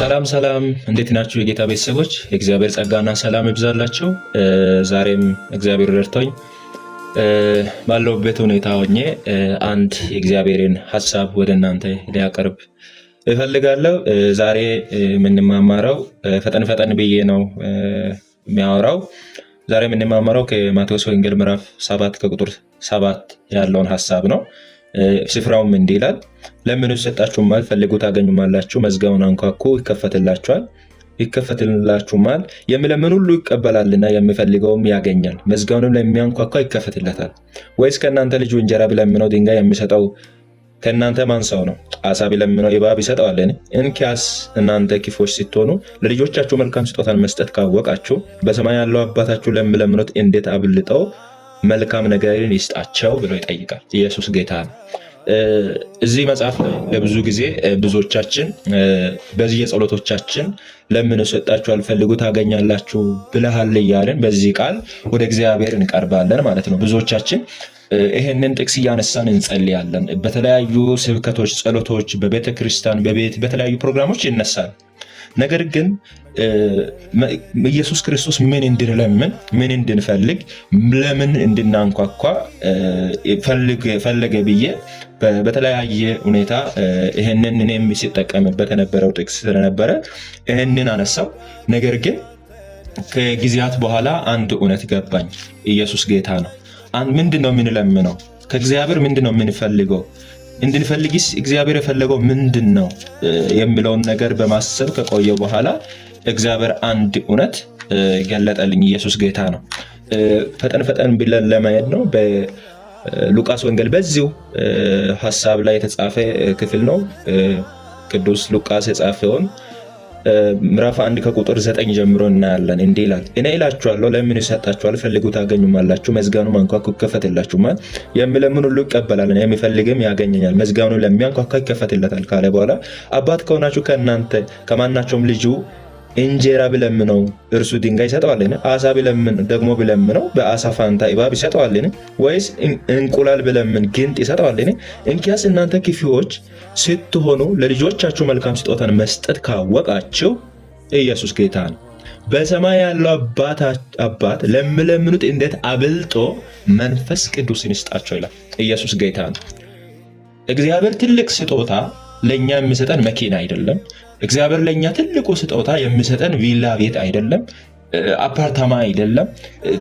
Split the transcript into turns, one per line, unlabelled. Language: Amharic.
ሰላም ሰላም፣ እንዴት ናችሁ የጌታ ቤተሰቦች? የእግዚአብሔር ጸጋና ሰላም ይብዛላችሁ። ዛሬም እግዚአብሔር ረድቶኝ ባለውበት ሁኔታ ሆኜ አንድ የእግዚአብሔርን ሀሳብ ወደ እናንተ ሊያቀርብ እፈልጋለሁ። ዛሬ የምንማማረው ፈጠን ፈጠን ብዬ ነው የሚያወራው። ዛሬ የምንማማረው ከማቴዎስ ወንጌል ምዕራፍ ሰባት ከቁጥር ሰባት ያለውን ሀሳብ ነው። ስፍራውም እንዲህ ይላል፣ ለምኑ ይሰጣችሁማል፣ አልፈልጉ ታገኙማላችሁ፣ መዝጋውን አንኳኩ ይከፈትላችኋል ይከፈትላችሁማል። የሚለምን ሁሉ ይቀበላልና የሚፈልገውም ያገኛል፣ መዝጋውንም ለሚያንኳኳ ይከፈትለታል። ወይስ ከእናንተ ልጁ እንጀራ ቢለምነው ድንጋይ የሚሰጠው ከእናንተ ማን ሰው ነው? አሳ ቢለምነው እባብ ይሰጠዋልን? እንኪያስ እናንተ ክፉዎች ስትሆኑ ለልጆቻችሁ መልካም ስጦታን መስጠት ካወቃችሁ፣ በሰማይ ያለው አባታችሁ ለሚለምኑት እንዴት አብልጠው መልካም ነገርን ይስጣቸው ብሎ ይጠይቃል። ኢየሱስ ጌታ ነው። እዚህ መጽሐፍ ላይ ለብዙ ጊዜ ብዙዎቻችን በዚህ የጸሎቶቻችን ለምን ሰጣችሁ አልፈልጉ ታገኛላችሁ ብለሃል እያልን በዚህ ቃል ወደ እግዚአብሔር እንቀርባለን ማለት ነው ብዙዎቻችን ይህንን ጥቅስ እያነሳን እንጸልያለን። በተለያዩ ስብከቶች፣ ጸሎቶች፣ በቤተ ክርስቲያን፣ በቤት በተለያዩ ፕሮግራሞች ይነሳል። ነገር ግን ኢየሱስ ክርስቶስ ምን እንድንለምን፣ ምን እንድንፈልግ፣ ለምን እንድናንኳኳ ፈለገ ብዬ በተለያየ ሁኔታ ይህንን እኔም ሲጠቀምበት የነበረው ጥቅስ ስለነበረ ይህንን አነሳው። ነገር ግን ከጊዜያት በኋላ አንድ እውነት ገባኝ፣ ኢየሱስ ጌታ ነው። ምንድን ነው የምንለምነው? ከእግዚአብሔር ምንድን ነው የምንፈልገው? እንድንፈልግስ እግዚአብሔር የፈለገው ምንድን ነው የሚለውን ነገር በማሰብ ከቆየ በኋላ እግዚአብሔር አንድ እውነት ገለጠልኝ። ኢየሱስ ጌታ ነው። ፈጠን ፈጠን ብለን ለማየት ነው። በሉቃስ ወንጌል በዚሁ ሀሳብ ላይ የተጻፈ ክፍል ነው። ቅዱስ ሉቃስ የጻፈውን ምዕራፍ አንድ ከቁጥር ዘጠኝ ጀምሮ እናያለን። እንዲህ ይላል፣ እኔ እላችኋለሁ ለምኑ ይሰጣችኋል፣ ፈልጉ ታገኙማላችሁ፣ መዝጋኑ ማንኳኩ ይከፈትላችሁማል። የሚለምን ሁሉ ይቀበላል፣ የሚፈልግም ያገኘኛል፣ መዝጋኑ ለሚያንኳኳ ይከፈትለታል ካለ በኋላ አባት ከሆናችሁ ከእናንተ ከማናቸውም ልጁ እንጀራ ብለምነው እርሱ ድንጋይ ይሰጠዋልን? አሳ ብለምን ደግሞ ብለምነው በአሳ ፋንታ እባብ ይሰጠዋልን? ወይስ እንቁላል ብለምን ግንጥ ይሰጠዋልን? እንኪያስ እናንተ ክፉዎች ስትሆኑ ለልጆቻችሁ መልካም ስጦታን መስጠት ካወቃችሁ ኢየሱስ ጌታ ነው። በሰማይ ያለው አባት ለምለምኑት እንዴት አብልጦ መንፈስ ቅዱስን ይስጣቸው ይላል። ኢየሱስ ጌታ ነው። እግዚአብሔር ትልቅ ስጦታ ለእኛ የሚሰጠን መኪና አይደለም። እግዚአብሔር ለእኛ ትልቁ ስጦታ የሚሰጠን ቪላ ቤት አይደለም፣ አፓርታማ አይደለም።